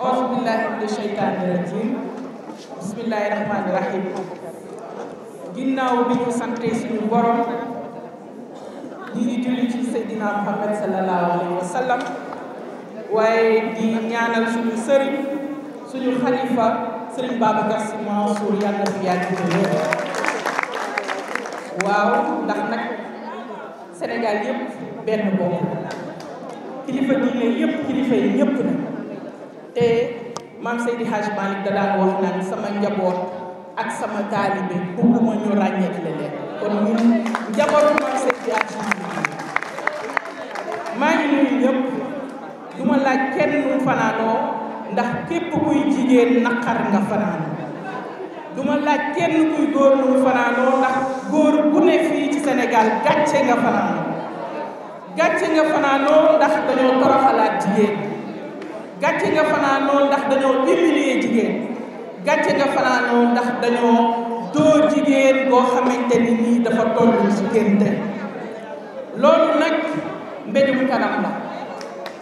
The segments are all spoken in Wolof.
auzu billahi mina sheytaani rajim bismillahi rahmaani rahim ginnaaw bi ñu sante suñu borom ñi ngi julli ci Seydina Muhammad sallallahu alayhi wa sallam waaye di ñaanal suñu sëriñ suñu xalifa sëriñ Babacar Sy Mansour yàlla fi yàgg waaw ndax nag Sénégal yëpp benn bopp kilifa diine yëpp kilifa yi na te maam Seydi Hadj Malick da daan wax naan sama njaboot ak sama taalibe bugguma ñu ràññeet leen kon ñun njabootu maam Seydi Hadj Malick maa ngi nuyu ñëpp du ma laaj kenn mu fanaanoo ndax képp kuy jigéen naqar nga fanaanoo du laaj kenn kuy góor mu fanaanoo ndax góor bu ne fii ci Sénégal gàcce nga fanaanoo gàcce nga fanaanoo ndax dañoo toroxalaat jigéen gàcce nga fanaanoo ndax dañoo humilier jigéen gàcce nga fanaanoo ndax dañoo doo jigéen boo xamante ni nii dafa toll ci génte loolu nag mbéjum kanam la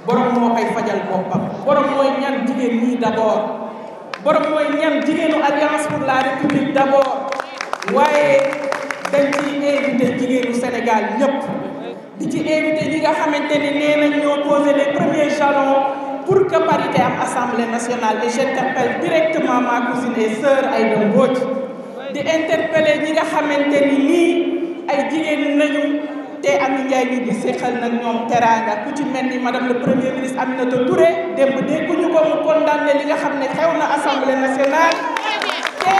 borom moo koy fajal boppam borom mooy ñan jigéen ñi d'abord borom mooy ñan jigéenu alliance pour la république d'abord waaye dañ ci invité jigéenu Sénégal ñëpp di ci invité ñi nga xamante ni nee ñoo posé les premiers jalons que parité am assemblée nationale et j'interpelle directement ma cousine et sœur Aïda Mbodj di interpeller ñi nga xamante ni nii ay jigéen nañu te Amy Ndiaye ñu di séqal nag ñoom teraanga ku ci mel ni madame le premier ministre Aminata Touré démb dégguñu ko mu condamné li nga xam ne xew na assemblée nationale te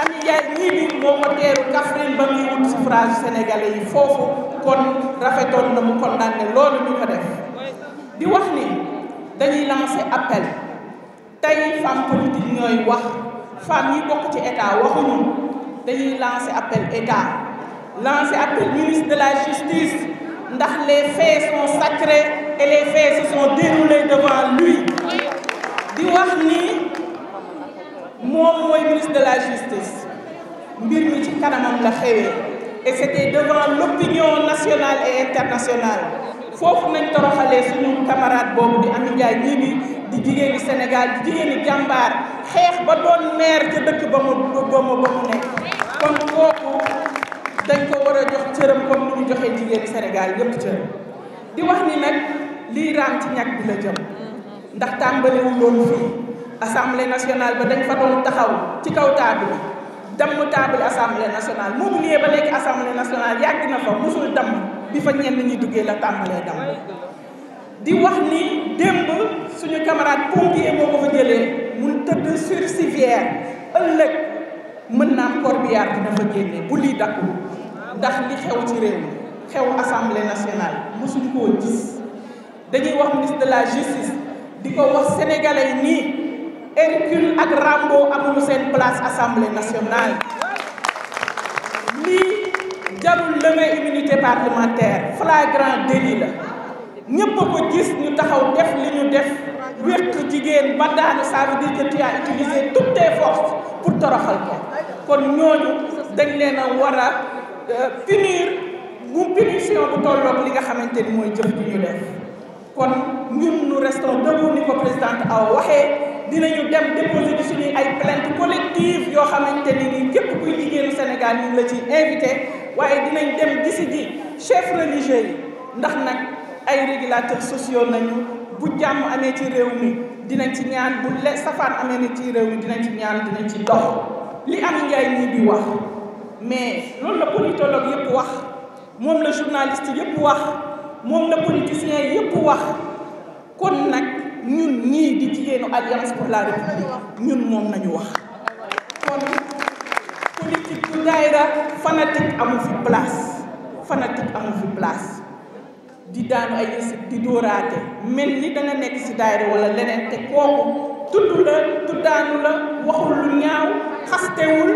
Amy Ndiaye ñii bi moo ko teeru ba muy wut suffrage sénégalais yi foofu kon rafetoon na mu condamné loolu ñu ko def di dañuy lancer appel tey femme politique ñooy wax femme yi bokk ci état waxuñu dañuy lancer appel état lancer appel ministre de la justice ndax les faits sont sacrés et les faits se sont déroulés devant di wax ni moom mooy ministre de la justice mbir mi ci kanamam la xewee et c'était l'opinion nationale et internationale foofu nañ toroxalee suñu camarade boobu di Amy Ndiaye ñii bi di jigéeni Sénégal di jigéeni jàmbaar xeex ba doon maire ca dëkk ba mu ba mu ba mu nekk kon kooku dañ ko war a jox cëram comme ni ñu joxee jigéeni Sénégal yëpp cëram di wax ni nag lii raam ci ñag bi la jëm ndax tàmbaliwul fii assemblée nationale ba dañ fa doon taxaw ci kaw table damm table assemblée national moom liee ba nekk assemblée nationale yàgg na fa musul damm bi fa ñenn ñi duggee la tàmbalee dam di wax ni démb suñu camarade pompier moo ko fa jëlee mun tëdd sur civière ëllëg mën naa corbillard dina fa génne bu lii dakku ndax li xew ci réew mi xew assemblée nationale mosuñu koo gis dañuy wax ministre de la justice di ko wax sénégalais nii Hercule ak Rambo amul seen place assemblée nationale lii jarul lëngay parlementaire flagrant délit la ñépp a ko gis ñu taxaw def li ñu def wéq jigéen ba saa ça veut dire que tu as utilisé toutes tes forces pour toroxal ko kon ñooñu dañ leen a war a bu euh, punition bu tolloog li nga xamante ni mooy jëf bi ñu def kon ñun nous restons debout ni ko président aw waxee dinañu dem déposer suñuy ay plainte collective yoo xamante ni nii képp kuy liggéeyu Sénégal ñu la ci invité waaye dinañ dem gisi ji chef religieux yi ndax nag ay régulateurs sociaux nañu bu jàmm amee ci réew mi dinañ ci ñaan bu le safaan amee ne ci réew mi dinañ ci ñaan dinañ ci dox li am njaay ñii di wax mais loolu la politologue yëpp wax moom la journaliste yëpp wax moom la politicien yëpp wax kon nag ñun ñii di jigéenu alliance pour la république ñun moom nañu wax daayira fanatique amu fi place fanatique amu fi place di daanu ay di dóoraate mel ni da nga nekk si daayira wala leneen te kooku tudd la tuddaanu la waxul lu ñaaw xastewul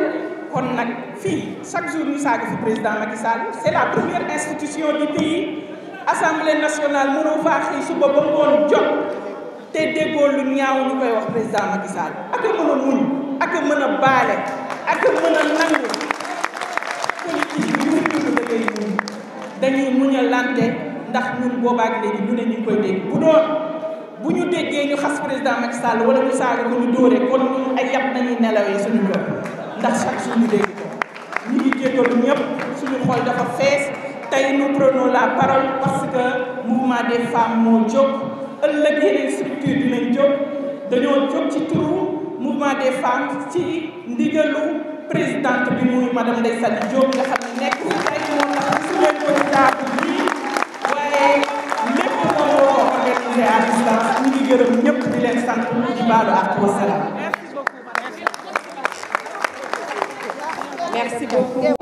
kon nag fii chaque jour ñu saaga fi président Macky Sall c'est la première institution du pays assemblée nationale mënoo faa suba ba ngoon jot te déggoo lu ñaaw ñu koy wax président Macky Sall ak a mën a muñ ak a mën a baale ak a nangu muñalante ndax ñun boobaak léegi ñu ne ñu ngi koy dégg bu doon bu ñu déggee ñu xas président Macky Sall wala ñu saaga ko ñu dóore kon ñun ay yàpp nañuy nelawee suñu yoon ndax chaque jour ñu dégg ko ñu suñu xol dafa fees la parole parce que mouvement des femmes moo jóg ëllëg yeneen structure dinañ jóg dañoo jóg ci turu mouvement des ndigalu présidente bi muy madame Ndeye Saly Diop nga xam ne nekk tey moo tax suñu gërëm ñëpp di leen sant di baalu ak wasalaam merci beaucoup